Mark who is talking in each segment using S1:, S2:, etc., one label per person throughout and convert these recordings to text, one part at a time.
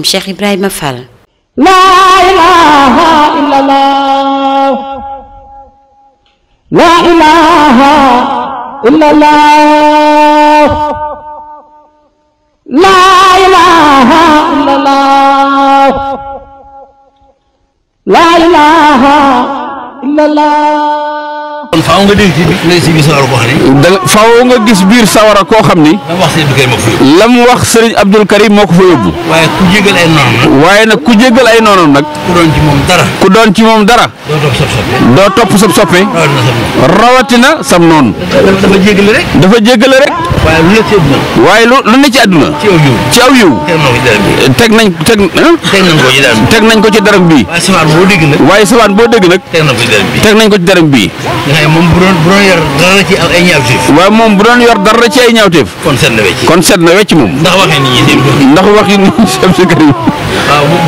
S1: الشيخ إبراهيم فال لا إله إلا الله لا إله إلا الله لا إله إلا الله لا إله إلا الله kon faaw nga dégg ci biir sawara koo da faaw nga gis biir sawara koo xam ni. la mu wax sëriñ Abdul moo ko fa waaye ku waaye nag ku jégal ay noonam nag. ku doon ci moom dara. ku doon ci moom dara. doo topp sab dafa jégale rek. dafa jégale rek. waaye lu lu ne ci àdduna. ci aw yiw ci aw yiw. teg nañ eh? teg nañ ko ci daram bii. waaye sawaan boo dégg nag. teg nañ ko ci daram bii. nag moom bu doon bu yor dara ci ay ñaawteef. waaw moom bu doon yor dara ci ay ñaawteef. kon set na wecc. kon set na wecc moom. ndax waxee nit ñi dem. ndax wax yi nit ñi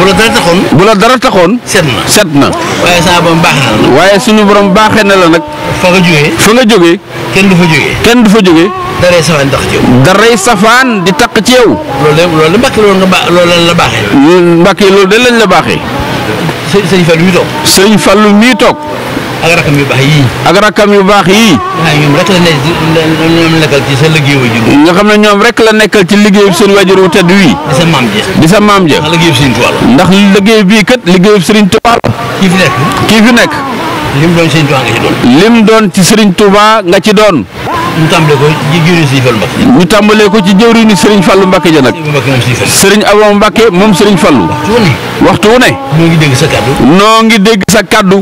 S1: la dara bu la dara taxoon. set na set na. waaye saa borom baax na la. waaye suñu borom baaxee na la nag. fa nga jógee. fa nga jógee. kenn du fa jógee. kenn du fa jógee. daray safaan di tax ci yow. daray safaan di tax ci yow. loolu loolu la Mbacke ba loolu lañ la baaxee. Mbacke loolu de lañ la baaxee. sëñ Fallou mii toog. toog. ak rakam yu baax yii. baax yii. nga xam ne ñoom rek la nekkal ci sa liggéeyu wajur wi. nga ñoom rek la nekkal ci liggéeyu seen wajur wu tedd wii. di sa maam ja. di sa maam ja. ndax liggéeyu liggéey bii kat liggéeyu Sëriñ Tuubaa kii fi nekk. kii fi nekk. lim doon ci doon. lim doon nga ci doon. ñu tàmbalee ko ci jëwriñu Sëriñ Fallu Mbàkke. ñu tàmbalee ko ci jëwriñu Sëriñ Fallu Mbàkke ja nag. Sëriñ Abo Mbàkke moom Sëriñ fal waxtu wu ne. noo ngi dégg sa kaddu. noo sa kaddu.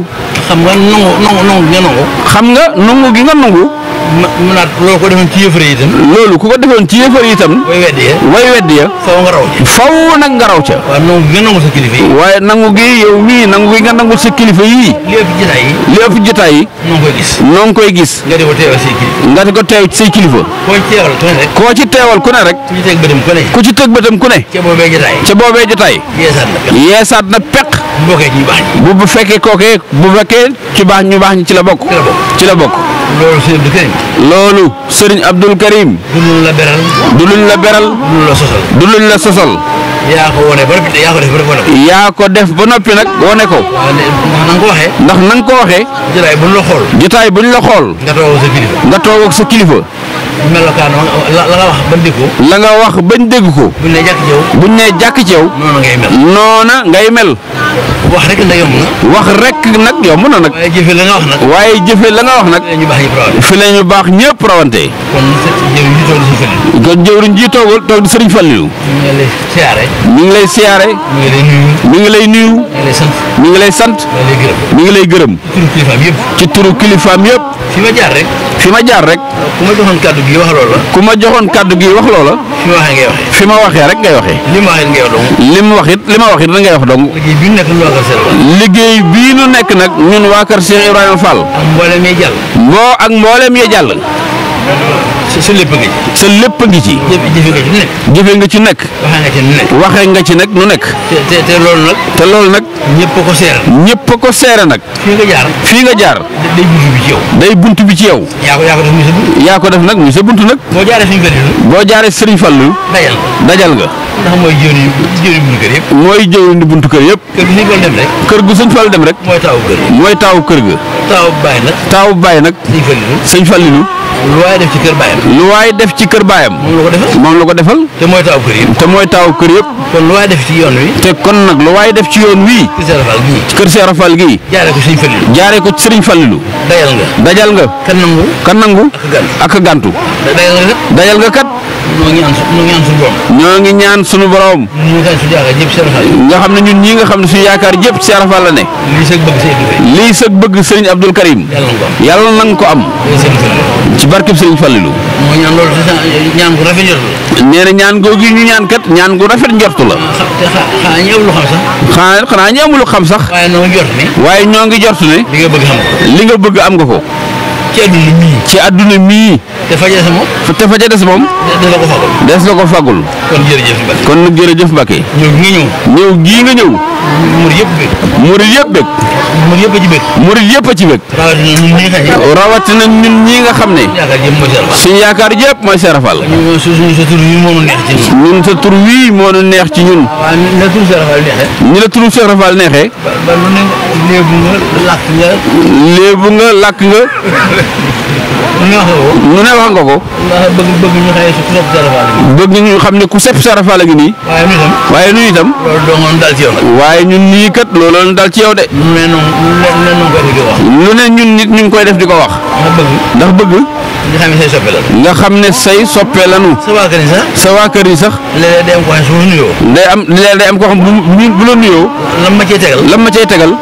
S1: xam nga nangu nangu nangu gi nga nangu. xam nga nangu gi nga nangu mu loolu ko defoon ci yëfër loolu ku ko defoon ci yëfër yi itam. way weddi ya way weddi ya. faw nga raw nag nga raw ca. sa kilifa yi. waaye nangu gi yow mii nangu gi nga nangu sa kilifa yii. koy gis. noo ngi koy nga di ko teewal say kilifa. nga di teew say kilifa. koo ci teewal ku ne rek. koo ci teewal ku ne rek. ku ci teg bëtam ku ca boobee jotaay. ca boobee jotaay. yeesaat na peq. bu fekkee kookee bu fekkee ci baax ñu ci la bokk ci la bokk loolu sëriñ Abdou Abdul Karim. du luñ la beral. du luñ la beral. du luñ la sosal. du luñ yaa ko wane ba noppi yaa ba yaa ko def ba noppi nag wane ko. ndax na ko waxee. ndax na ko waxee. jotaay buñ la xool. jotaay buñ la xool. nga toog sa kilifa. nga toog ak sa kilifa. melokaan la nga wax bañ dégg ko. la nga wax bañ dégg ko. buñ ne jàkk yow. buñ ne jàkk ci yow. noona noona ngay mel. wax rek nag yomb na. wax rek nag yomb na nag. waaye jëfe la nga wax nag. waaye la nga wax nag. fi la ñu baax ñëpp rawante. kon jëwriñ ji toogul toog di sëriñ Fallilu. mi ngi lay siyaare. mi ngi lay nuyu. mu ngi lay sant. mi ngi lay gërëm. ci turu kilifaam yëpp. fi ma jaar rek. fi ma jaar rek. ku ma joxoon kàddu gi wax loola. fi ma waxee ngay waxee. li ma li ma wax it ngay wax dong. liggéey bii nu nekk nag ñun waa kër Cheikh Ibrahima Fall. ak ak mboolem ya sa lépp ngi ci. sa lépp ngi ci. jëfe nga ci nekk. waxee nga ci nekk nu nekk. te loolu nag. te loolu nag. ñëpp ko seere. ñëpp ko seere nag. fii nga jaar. fii nga jaar. day bunt bi ci yow. day buntu yaa ko def nag muy sa buntu nag. boo jaaree Serigne Fallou. boo jaaree Serigne Fallou. dajal dajal nga. mooy jëwriñu jëwriñu buntu kër yëpp. mooy jëwriñu buntu kër yëpp. kër gu Serigne Fallou dem kër gu Serigne Fallou dem rek. mooy taawu kër. mooy kër ga. taawu baay nag. taawu baay nag. Serigne Fallou. luay def ci kër bayam lu def ci kër bayam mom la ko defal te moy taw kër yeb te moy taw kër yeb kon lu def ci yoon wi te kon nak lu def ci yoon wi kër sey rafal gi jaare ko serigne fallilu jaare ko serigne fallilu dajal nga dajal nga kan nangu kan nangu ak gantu dajal nga kat ñoo ngi ñaan suñu borom nga ngi ñaan suñu borom ñu ngi ne suñu yaakaar jëpp ci arafa la ne lii sëg bëgg sëriñ abdul karim yàlla na ko am ci barkeb Serigne Fallilou. mooy ñaan loolu ñaan gu rafet la. nee na ñaan googu ñu ñaan kat ñaan gu rafet njortu la. xanaa ñi amul xam sax. xanaa ñi amul xam sax. waaye ñoo ngi jort ne. waaye ñoo ngi jort ne. li nga bëgg xam li nga bëgg am nga ko. ci àdduna mii. mii. te fa ca des moom. des moom. des la ko fagul. des la ko kon jërëjëf Mbacke. kon nag jërëjëf ñëw gi nga ñëw. ñëw gii nga yëpp bëgg. murid yëpp bëgg. murid yëpp ci bëgg. murid yëpp a ci bëgg. rawatina ñun ñii nga xam ne. suñu yaakaar yëpp mooy Serigne Fall. suñu sa tur wii moo neex ci ñun. ñun neex ci ñun. waaw ñu la turu Serigne Fall neexee. ñu la turu Serigne Fall neexee. ba lu nga làkk nga. nga. nu ne waaye wax nga ko. bëgg bëgg ñu xëy si ku sepp sarafaale gi. bëgg ñu xam ne ku sepp sarafaale gi nii. waaye ñun waaye ñun itam. dal ci yow waaye ñun nii kat looloo dal ci yow de. mais noonu lu ne ñun nit ñu ngi koy def di ko wax. ndax bëgg. nga xam ne say soppe lañu. nga xam ne sa waa kër yi sax. sa waa yi sax. léeg-léeg day am koo xam bu la nuyoo. lan ma cay tegal lan ma cay tegal.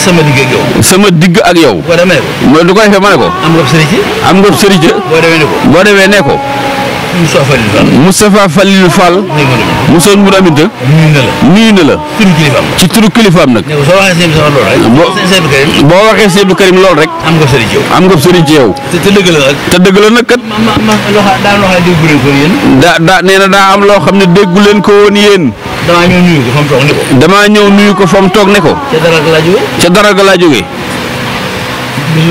S1: sama digg ak yow. sama digg ak yow. boo demee du ko defee ma ne ko. am nga sëriñ ci. am nga sëriñ ci. boo demee nee ko. boo demee ne ko. Moustapha Falil Fall. nuyu na la nuyu na la. ci turu kilifaam nag. soo waxee Seydou Sow lool rek. boo boo waxee Seydou Karim lool rek. am nga sëriñ ci yow. am ci yow. te dëgg la nag. kat. ma daa am loo xam ne déggu ko woon yéen. na daa loo xam ne déggu leen ko woon damaa ñëw nuyu ko fa mu toog ne ko. damaa ca dara ga laa jógee. ca dara ga laa jógee. bis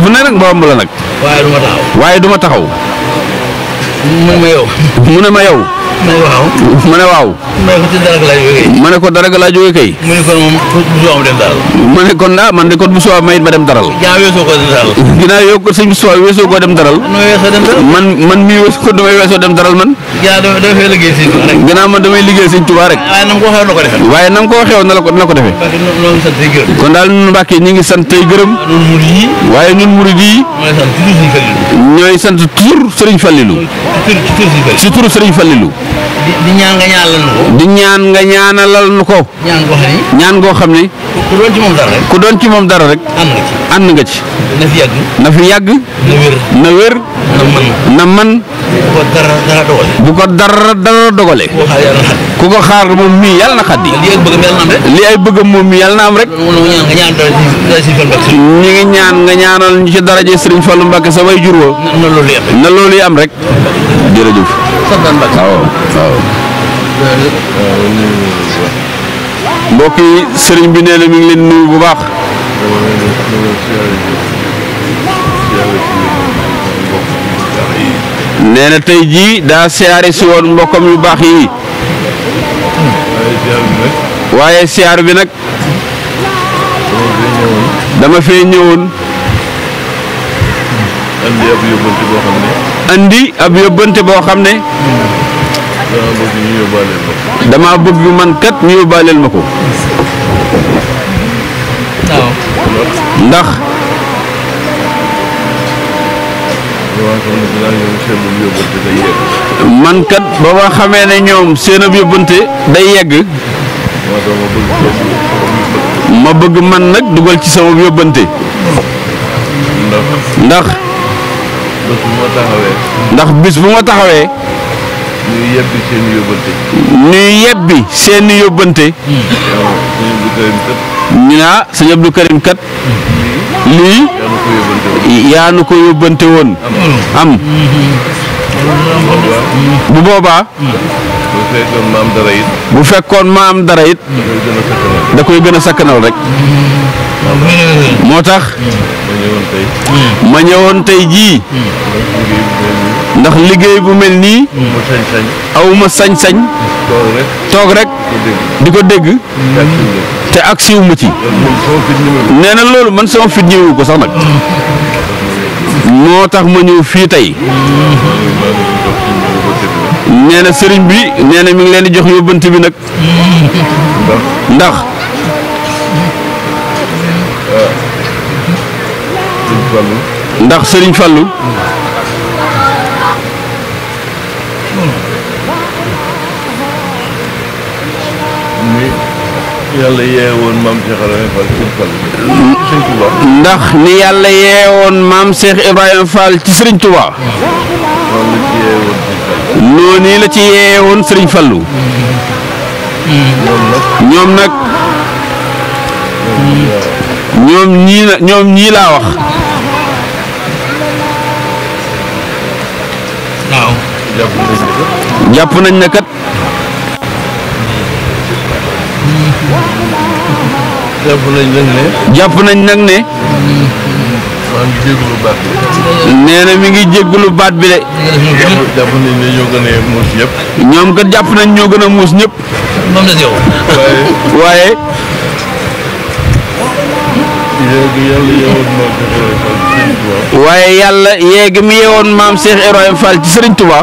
S1: bu ne ma rombal la. ma rombal la nag. waaye duma taxaw. waaye du taxaw. mu ne ma yow. mu ne ma yow. mu ne waaw. mu ne waaw. ne ko dara ga laa jógee kay. mu ne ko dara mu ne kon ah man de kon bu suwaa may it ma dem daral. ginnaaw weesoo ko dem daral. ginnaaw yow ko sëñ bu dem daral. man man mii weesu ko damay weesoo dem daral man. ginnaaw damay damay liggéey sëñ Tuubaa rek. damay liggéey sëñ Tuubaa rek. waaye na nga koo xew na waaye na nga la ko na la ko defee. kon daal ñun Mbàkke ñu ngi sant tey gërëm. waaye ñun murid yi. ñooy sant toujours Sëriñ Fallilu. ci turu Sëriñ Fallilu. di ñaan nga ñaanalal nu ko. ñaan nga ko. ñaan xam ne. ñaan goo xam ne. ku doon ci moom dara rek. ku doon ci ànd nga ci. ànd nga na fi yàgg. na fi yàgg. na wér. na wér. man bu ko dara dara dogale. ku ko xaar moom mii yàlla na xaddi. lii ay bëggam ay bëggam moom mii yàlla na am rek. ñu ngi ñaan nga ñaanal ñu ci daraje Serigne Fallou Mbacke sa way jur na loolu am rek. jërëjëf sant Mbacke waaw waaw mbokk sëriñ bi nee mi ngi leen nuyu bu baax nee tey jii daa siyaare si woon mbokkam yu baax yi waaye siyaar bi nag dama fee ñëwoon andi ab yóbbante boo xam ne dama bëgg man ñu yóbbaaleel ma ko ndax man kat ba ma xamee ne ñoom seen ab yóbbante day yegg ma bëgg man nag dugal ci sama yóbbante ndax ndax bis bu ma taxawee. ñuy yebbi seen yóbbante. ñuy yebbi seen yóbbante. ñu naa ah, sëñ Karim kat. lii yaa nu ko yóbbante woon. am. bu boobaa. bu fekkoon maam dara it. da koy gën a sakkanal rek. moo tax ma ñëwoon tey jii ndax liggéey bu mel nii awma sañ-sañ toog rek di ko dégg te ak siw ci nee na loolu man sama fit ñëwu ko sax nag moo tax ma ñëw fii tey nee na sëriñ bi nee mi ngi leen di jox yóbbante bi nag ndax ndax Serigne Fallou yàlla yeewoon maam ci Serigne Touba. ndax ni yàlla yeewoon maam Cheikh Ibrahima Fall ci Serigne Touba. noonu la ci yeewoon Serigne Fallou. ñoom nag. ñoom ñii la ñoom ñii laa wax. jàpp nañ ne kat. jàpp nañ nag ne. jàpp nañ nag ne. maa ngi jégalu baat mi ngi jégalu baat bi de. jàpp nañ ne ñoom kat jàpp nañ ñoo gën a muus ñëpp. waaye. waaye yàlla yeegi mu yeewoon maam Cheikh Ibrahima Fall ci Serigne Touba.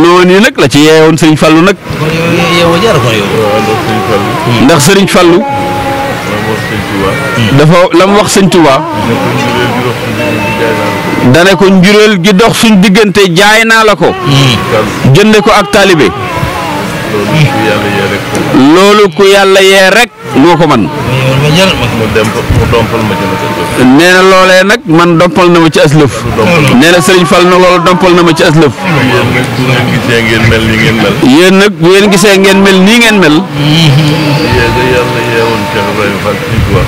S1: noonu nag la ci yeewoon Serigne Fallu nag. ndax Serigne Fallu. dafa lam wax Serigne Touba. dane ko njuréel gi dox suñ diggante jaay naa la ko. Hmm. jënde ko ak taalibe. loolu ku yàlla yee rek. ñoo ko man nee loolee nag man dompal na ma ci aslëf nee na sëriñ Fall na loolu dompal na ma ci aslëf yéen nag bu ngeen gisee ngeen mel nii ngeen mel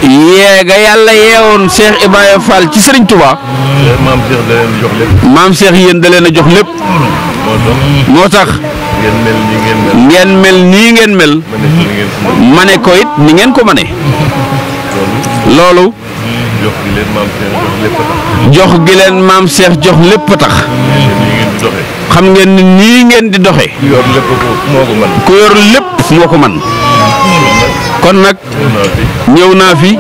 S1: yéega yàlla yeewoon Cheikh Ibrahima Fall ci sëriñ Touba maam Cheikh yéen da leen a jox lépp moo tax ngeen mel nii ngeen mel. ma ne ko ni ngeen ko mane loolu. jox gi leen maam seex jox lépp tax. tax. xam ngeen nit nii ngeen di doxe ku yor lépp moo ko mën. kon nag. ñëw naa fi.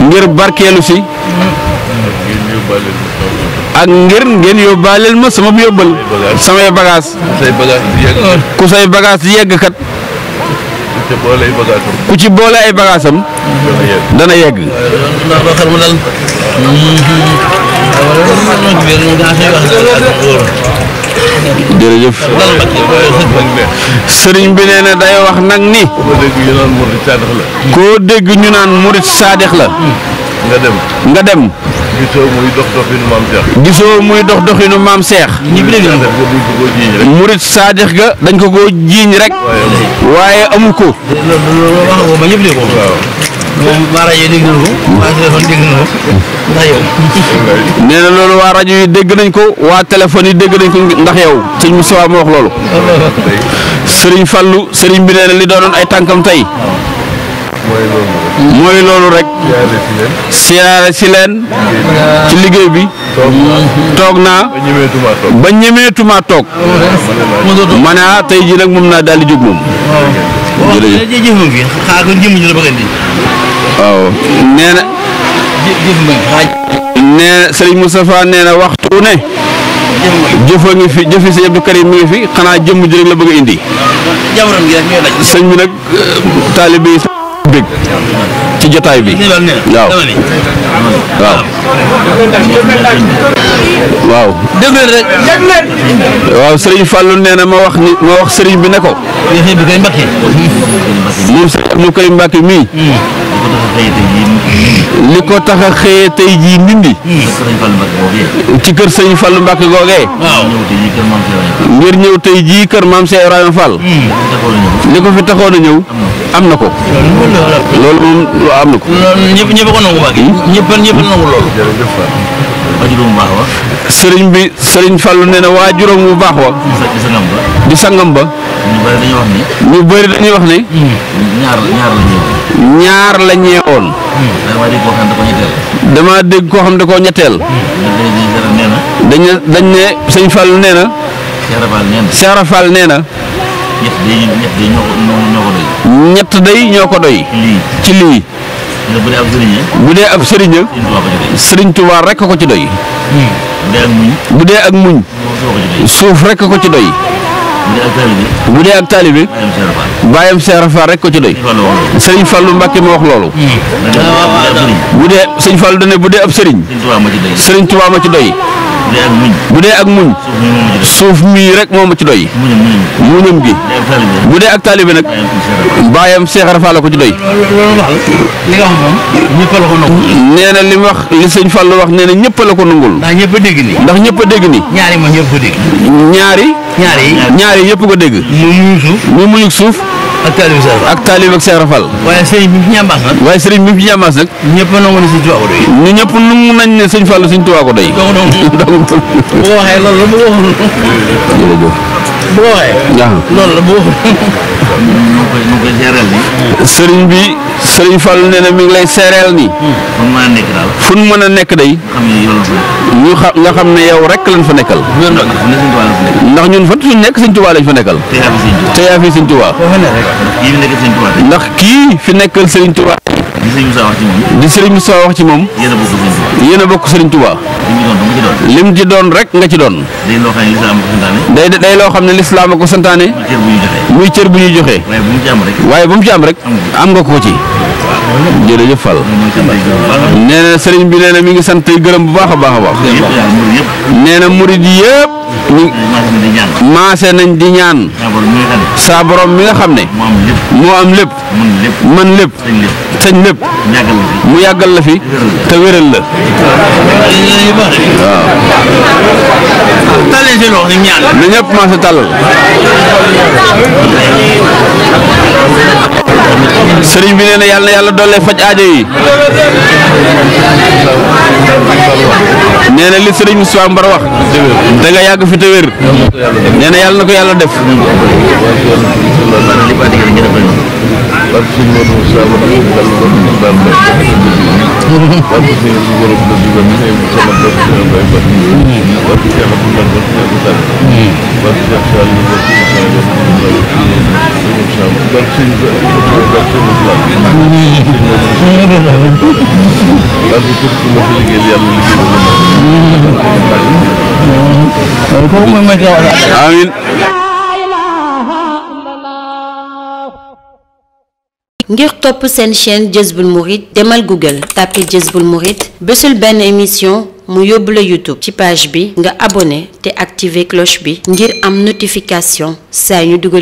S1: ngir barkeelu si. ak ngir ngeen yóbbaaleel ma sama yóbbal samay bagage ku say bagage yegg kat ku ci boole ay bagaasam am dana yegg jërëjëf sëriñ bi nee na day wax nag ni koo dégg ñu naan murit saadix la nga dem gisoo muy dox doxinu maam Cheikh. gisoo muy dox doxinu maam murit saadix ga dañ ko koo jiiñ rek. waaye amul ko. loolu loolu wax waa rajo yi dégg nañ ko waa téléphone loolu waa rajo yi dégg nañ ko waa téléphone yi dégg nañ ko ndax yow sëñ Moustapha wax loolu. sëriñ Fallou sëriñ bi li doonoon ay tànkam tey. mooy loolu rek siyaare si leen ci liggéey bi toog naa ba ñemeetuma toog ma ne ah tey jii nag moom naa daal di jóg moom jërëjëf waaw nee na nee waxtu ne jëfa ngi fi jëfi si Abdou Karim mi ngi fi xanaa jëmm ji rek la bëgg a indi sëñ bi nag taalibe bég ci jotaay bi waaw waaw waaw dégg leen rek waaw sëriñ Fallou nee na ma wax ni ma wax sëriñ bi ne ko moom sëriñ Abdou Karim Mbacké mii hmm. li ko tax xëyee tey jii ndindi. ci kër sëñ Fallu Mbàkke googee. ngir ñëw tey jii kër maam Cheikh Ibrahima li ko fi taxoon a ñëw. am na ko. loolu moom am na ko. sëriñ bi sëriñ falu nee na waajuram bu baax wa. di sangam ba. ñu bëri dañuy wax ni. ñu ñaar ñaar la damaa dégg koo xam da koo ñetteel. dañ ne dañ ne sëñ Fall nee na. Cheikh Fall nee na. ñett day ñoo ko doy. ci lii. bu dee ab sëriñ bu sëriñ sëriñ Tuubaa rek ko ci doy. bu dee ak muñ. suuf rek ko ci doy. bu dee ak taali bi bàyyam Seera rek ko ci doy sëriñ Fallu Mbàkke ma wax loolu mm. bu dee sëriñ Fallu dane bu dee ab sëriñ sëriñ Tuubaa ma ci doy bu dee ak muñ suuf mii rek moom ma ci doy muñam gi bu dee ak taalibe nag bàyyam Seex Rafaal la ko ci doy nee na li wax li sëñ Fallou wax nee na ñëpp la ko nangul ndax ñëpp a dégg ni ndax ñëpp a dégg ni ñaari ñaari ñaari ñëpp ko dégg mu muñu suuf ak taalib ak Cheikh Rafal. ak taalib ak Cheikh Rafal. waaye sëriñ bi mu fi nag. waaye sëriñ bi mu nag. ñëpp nangu ne sëñ Tuubaa ñëpp nañ ne sëñ Fallou sëñ Tuubaa ko doy. donc donc bu ko waxee loolu la bu waxoon. bu ko la bu. sëriñ bi sëriñ Fall nee na mi ngi lay seereel nii. fu mën a nekk day. ñu xam nga xam ne yow rekk lañ fa nekkal. ndax ñun fa suñ nekk sëñ Tuubaa lañ fa nekkal. te yaa fi ndax kii fi nekkal sëriñ Tuubaa. Serigne Moussa wax ci moom. li wax ci moom. yéen bokk Serigne Touba. yéen a bokk Serigne Touba. doon rek nga ci doon. day loo xam day loo xam ne lislaam a ko santaane. muy cër bu ñuy joxee waaye bu mu ci am rek. waaye bu mu ci am rek. am nga ko ci. jërëjëf Fall. nee na Serigne bi nee na mi ngi sant gërëm bu baax a baax a baax. nee na murid yëpp. maase nañ di ñaan saa borom mi nga xam ne moo am lépp man lépp sañ lépp mu yàggal la fi te wéral la waaw na ñëpp maase tàllal sëriñ bi nee na yàlla yàlla dolli faj aajo yi nee na li sëriñ Moussa Mbar wax da nga yàgg fi te wér yàlla na ko yàlla def parce que ñu mënul sama dëkk dal ko ñu dal ko parce que ñu ko ko dëgg ba ñu ñu sama dëkk ñu bay ba ñu parce que ñu ko dal ko ñu dal parce que xal ñu ko ci sama dëkk ñu dal ñu sama dal ci ñu ko dal ci ñu la parce que ku ma ko liggéey yàlla liggéey ko ma ko amiin ngir top sen chaîne Jazboul Mourid demal Google Tapez Jazboul Mourid bésul ben émission mu yóbbu YouTube ci page bi nga abonné té activer cloche bi ngir am notification saa ñu dugal